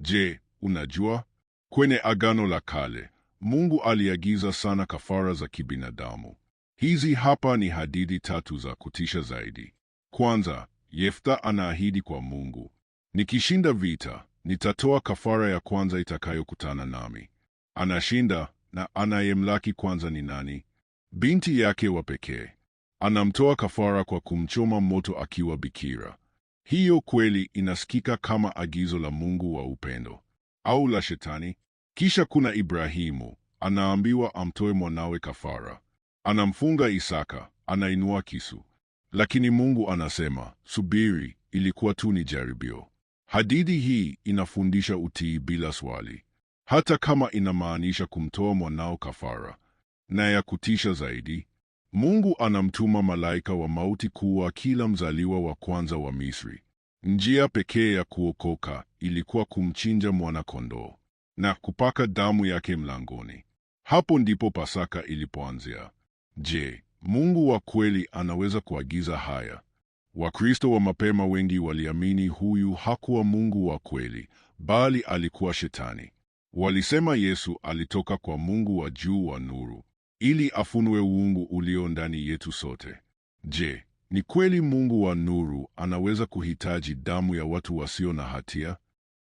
Je, unajua kwenye Agano la Kale Mungu aliagiza sana kafara za kibinadamu. Hizi hapa ni hadithi tatu za kutisha zaidi. Kwanza, Yefta anaahidi kwa Mungu, nikishinda vita nitatoa kafara ya kwanza itakayokutana nami. Anashinda, na anayemlaki kwanza ni nani? Binti yake wa pekee. Anamtoa kafara kwa kumchoma moto akiwa bikira. Hiyo kweli inasikika kama agizo la Mungu wa upendo au la Shetani. Kisha kuna Ibrahimu, anaambiwa amtoe mwanawe kafara, anamfunga Isaka, anainua kisu, lakini Mungu anasema subiri, ilikuwa tu ni jaribio. Hadithi hii inafundisha utii bila swali, hata kama inamaanisha kumtoa mwanao kafara. Na ya kutisha zaidi, Mungu anamtuma malaika wa mauti kuua kila mzaliwa wa kwanza wa Misri. Njia pekee ya kuokoka ilikuwa kumchinja mwana-kondoo na kupaka damu yake mlangoni. Hapo ndipo Pasaka ilipoanzia. Je, Mungu wa kweli anaweza kuagiza haya? Wakristo wa mapema wengi waliamini huyu hakuwa Mungu wa kweli, bali alikuwa Shetani. Walisema Yesu alitoka kwa Mungu wa juu wa nuru, ili afunue uungu ulio ndani yetu sote. Je, ni kweli Mungu wa nuru anaweza kuhitaji damu ya watu wasio na hatia?